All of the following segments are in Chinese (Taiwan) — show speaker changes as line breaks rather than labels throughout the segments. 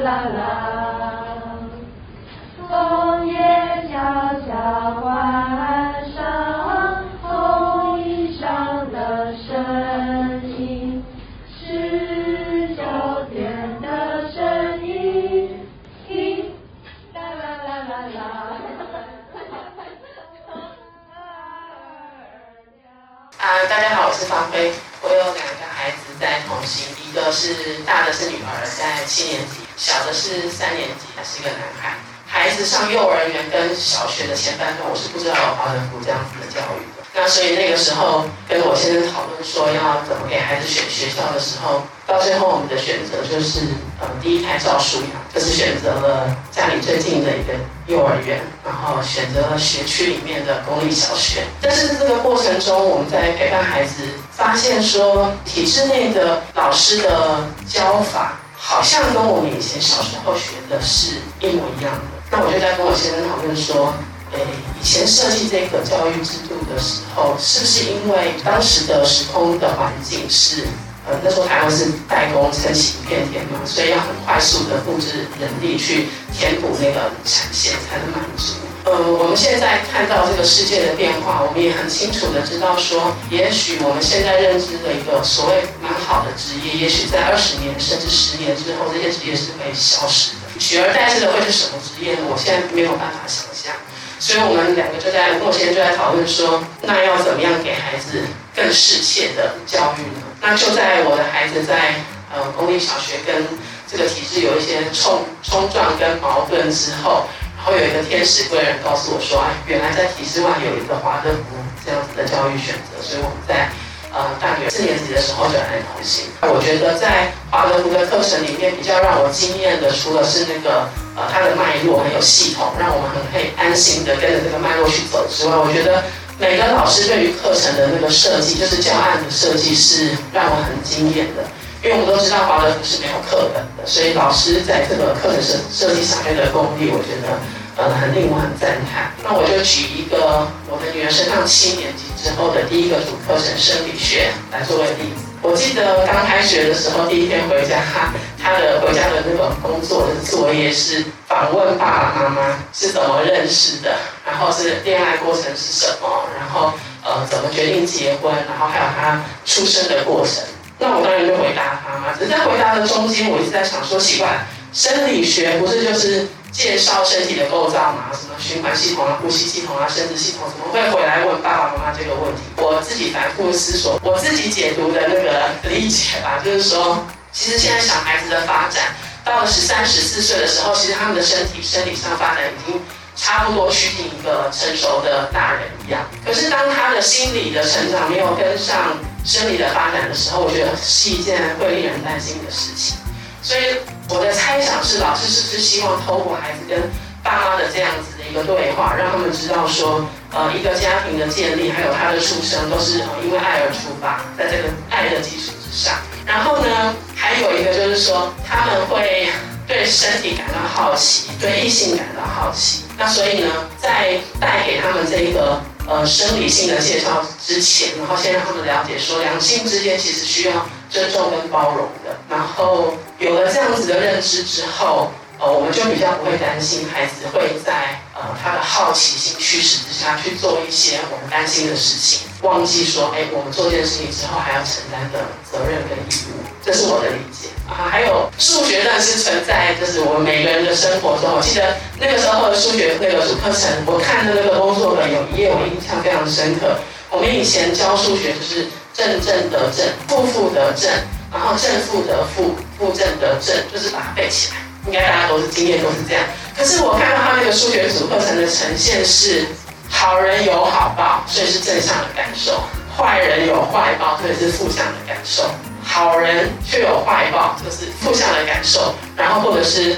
啦啦啦，楓葉悄悄換上紅衣裳的聲音，是秋天的聲音，聽啦啦啦啦啦，啊，大家好，我是芳暉，我又來了。在同心，一個是大的是女兒，在七年級，小的是三年級，還是一個男孩。孩子上幼兒園跟小學的前半段，我是不知道華德福這樣子的教育的。那所以那個時候跟我先生討論說要怎麼給孩子選學，學校的時候，到最後我們的選擇就是，呃、嗯，第一胎照書養，就是選擇了家裡最近的一個幼兒園，然後選擇了學區裡面的公立小學。但是這個過程中，我們在陪伴孩子。發現說，體制內的老師的教法好像跟我們以前小時候學的是一模一樣的。那我就在跟我先生討論說，誒、哎，以前設計這個教育制度的時候，是不是因為當時的時空的環境是，呃，那時候台灣是代工撐起一片天嘛，所以要很快速的布置人力去填補那個產線才能滿足。呃、嗯，我們現在看到這個世界的變化，我們也很清楚的知道說，也許我們現在認知的一個所謂蠻好的職業，也許在二十年甚至十年之後，這些職業是可以消失的，取而代之的會是什麼職業呢？我現在沒有辦法想象。所以我們兩個就在目前就在討論說，那要怎麼樣給孩子更適切的教育呢？那就在我的孩子在呃公立小學跟這個體制有一些衝衝撞跟矛盾之後。我有一個天使貴人告訴我說啊，原來在體制外有一個華德福這樣子的教育選擇，所以我們在呃大學四年級的時候就來同心。我覺得在華德福的課程裡面比較讓我驚豔的，除了是那個呃他的脈絡很有系統，讓我們很可以安心的跟着這個脈絡去走之外，我覺得每個老師對於課程的那個設計，就是教案的設計，是讓我很驚豔的。因為我們都知道華德福是沒有課本的，所以老師在這個課程設設計上面的功力，我覺得呃很令我很讚嘆。那我就舉一個我的女兒升上七年級之後的第一個主課程生理學來作為例子。我記得剛開學的時候，第一天回家，她的回家的那個工作的作業是訪問爸爸媽媽是怎麼認識的，然後是戀愛過程是什麼，然後呃怎麼決定結婚，然後還有她出生的過程。那我當然就回答他嘛，只在回答的中間，我一直在想說，奇怪，生理學不是就是介紹身體的構造嗎？什麼循環系統啊、呼吸系統啊、生殖系統，怎麼會回來問爸爸媽媽這個問題？我自己反覆思索，我自己解讀的那個理解吧，就是說，其實現在小孩子的發展，到了十三、十四歲的時候，其實他們的身體、生理上發展已經差不多趨近一個成熟的大人一樣。可是當他的心理的成長沒有跟上，生理的發展的時候，我覺得是一件會令人擔心的事情。所以我的猜想是，老師是不是希望透過孩子跟爸媽的這樣子的一個對話，讓他們知道說，呃，一個家庭的建立還有他的出生都是因為愛而出發，在這個愛的基礎之上。然後呢，還有一個就是說，他們會對身體感到好奇，對異性感到好奇。那所以呢，在帶給他們這一個。呃，生理性的介紹之前，然後先讓他們了解說，兩性之間其實需要尊重跟包容的。然後有了這樣子的認知之後，呃，我們就比較不會擔心孩子會在呃他的好奇心驅使之下去做一些我們擔心的事情，忘記說，哎，我們做這件事情之後還要承擔的責任跟義務。這是我的理解啊，還有數學呢，是存在，就是我們每個人的生活中。我記得那個時候的數學那個主課程，我看的那個工作本有一頁，我印象非常深刻。我們以前教數學就是正正得正，負負得正，然後正負得負，負正得正，就是把它背起來。應該大家都是經驗都是這樣。可是我看到他那個數學主課程的呈現是，好人有好報，所以是正向的感受；壞人有壞報，所以是負向的感受。好人卻有壞報，這、就是負向的感受；然後或者是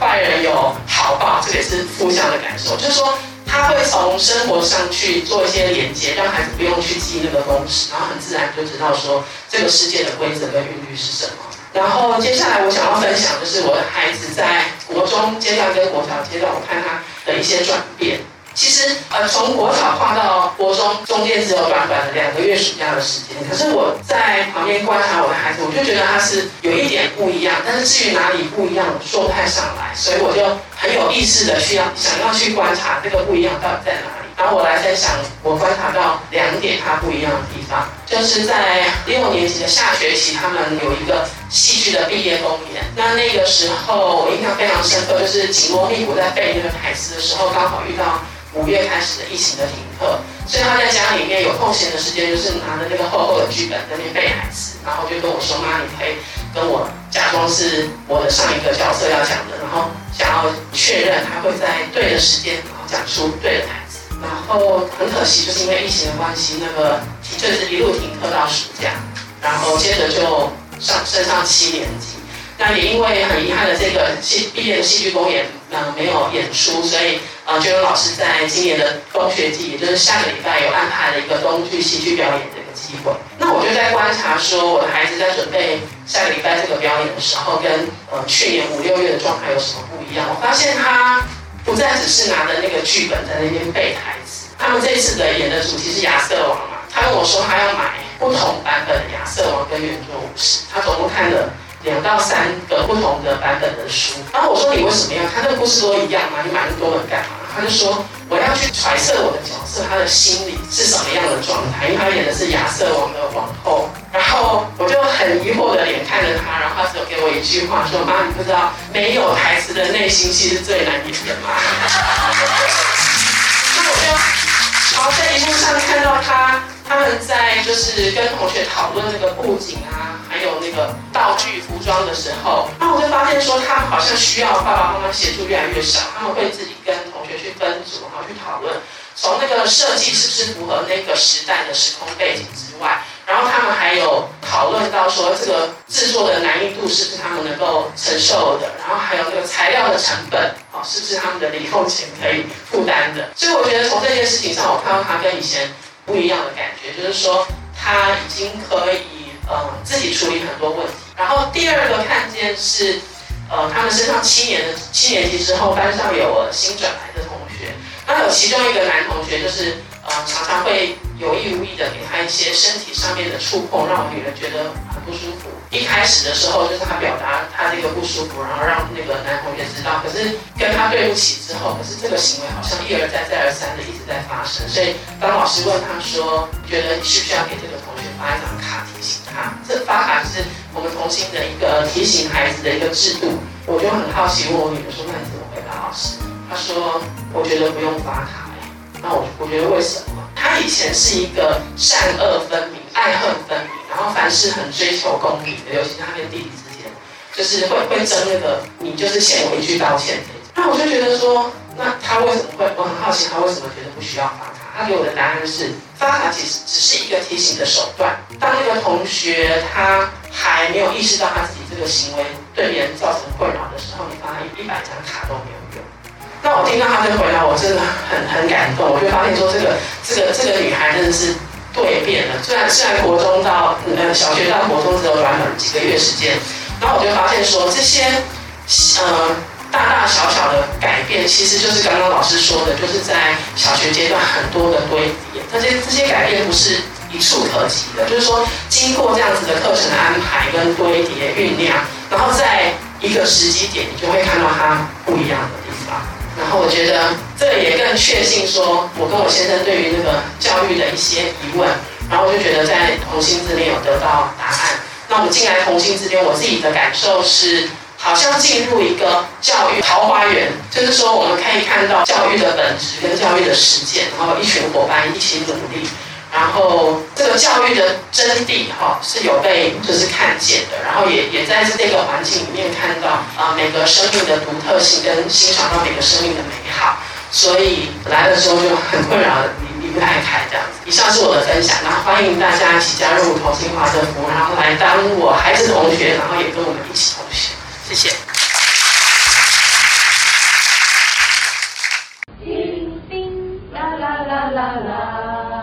壞人有好報，這、就、也是負向的感受。就是說，他會從生活上去做一些連接，讓孩子不用去記那個公式，然後很自然就知道說這個世界的規則跟韻律是什麼。然後接下來我想要分享的是，我的孩子在國中階段跟國小階段，我看他的一些轉變。其實，呃，從國小跨到國中，中間只有短短的兩個月暑假的時間。可是我在旁邊觀察我的孩子，我就覺得他是有一點不一樣。但是至於哪裡不一樣，我說不太上來，所以我就很有意識的需要想要去觀察這個不一樣到底在哪裡。然後我來在想，我觀察到兩點他不一樣的地方，就是在六年級的下學期，他們有一個戲劇的畢業公演。那那個時候我印象非常深刻，就是緊鑼密鼓在背那個台詞的時候，剛好遇到。五月開始的疫情的停課，所以他在家裡面有空閒的時間，就是拿着那個厚厚的劇本在那背台詞，然後就跟我說：“媽，你可以跟我假裝是我的上一個角色要講的，然後想要確認他會在對的時間然後講出對的台詞。”然後很可惜，就是因為疫情的關係，那個就是一路停課到暑假，然後接着就上升上七年級。那也因為很遺憾的這個戲畢業的戲劇公演，呢、呃，沒有演出，所以。啊、呃，就有老師在今年的冬學季，也就是下個禮拜有安排了一個冬季戲劇表演的一個機會。那我就在觀察說，我的孩子在準備下個禮拜這個表演的時候，跟呃去年五六月的狀態有什麼不一樣？我發現他不再只是拿着那個劇本在那邊背台詞。他們這一次的演的主題是《亞瑟王》嘛，他跟我說他要買不同版本的《亞瑟王》跟《圓桌武士》，他總共看了。兩到三個不同的版本的書，然後我說，你為什麼要看他？那故事都一樣嗎？你買那麼多本幹嘛？他就說，我要去揣測我的角色，他的心理是什麼樣的狀態，因為他演的是亞瑟王的王後。然後我就很疑惑的臉看着他，然後他就給我一句話說：“媽，你不知道沒有台詞的內心戲是最難演的嗎？”在就是跟同學討論那個布景啊，還有那個道具、服裝的時候，那我就發現說，他們好像需要爸爸媽媽協助越來越少，他們會自己跟同學去分組，然後去討論，從那個設計是不是符合那個時代的時空背景之外，然後他們還有討論到說，這個製作的難易度是不是他們能夠承受的，然後還有那個材料的成本，哦，是不是他們的零用錢可以負擔的？所以我覺得從這件事情上，我看到他跟以前。不一樣的感覺，就是說他已經可以呃自己處理很多問題。然後第二個看見是，呃，他們升上七年的七年級之後，班上有了新轉來的同學，那有其中一個男同學，就是呃常常會有意無意的給他一些身體上面的觸碰，讓我女兒覺得很不舒服。一開始的時候，就是他表達他這個。舒服，然後讓那個男同學知道。可是跟他對不起之後，可是這個行為好像一而再、再而三的一直在發生。所以當老師問他說：“覺得你是不是要給這個同學發一張卡提醒他？”這發卡是我們同心的一個提醒孩子的一個制度。我就很好奇問我女兒說：“那你怎麼回答老師？”他說：“我覺得不用發卡。”那我我覺得為什麼？他以前是一個善惡分明、愛恨分明，然後凡事很追求公平的，尤其是他跟弟弟。就是會會爭那個，你就是欠我一句道歉。那我就覺得說，那他為什麼會？我很好奇，他為什麼覺得不需要發卡？他給我的答案是，發卡其實只是一個提醒的手段。當那個同學他還沒有意識到他自己這個行為對別人造成困擾的時候，你發一一百張卡都沒有用。那我聽到他的回答，我真的很很感動。我就發現說、這個，這個這個這個女孩真的是蛻變了。
雖然雖然國
中到呃、嗯、小學到國中只有短短,短幾個月時間。然後我就發現說，這些呃大大小小的改變，其實就是剛剛老師說的，就是在小學階段很多的堆疊，這些這些改變不是一蹴可幾的，就是說經過這樣子的課程的安排跟堆疊醞釀，然後在一個時機點，你就會看到它不一樣的地方。然後我覺得這也更確信說，我跟我先生對於那個教育的一些疑問，然後我就覺得在同心字面有得到答案。那我進來同心之間，我自己的感受是，好像進入一個教育桃花源，就是說我們可以看到教育的本質跟教育的實踐，然後一群伙伴一起努力，然後這個教育的真諦哈是有被就是看見的，然後也也在這個環境裡面看到啊每個生命的獨特性跟欣賞到每個生命的美好，所以來的時候就很困擾，離不開台。以上是我的分享，然後歡迎大家一起加入同心華德福，然後來當我孩子同學，然後也跟我們一起同行。謝謝。叮叮啦啦啦啦啦，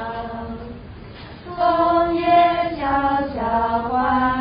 楓葉悄悄話。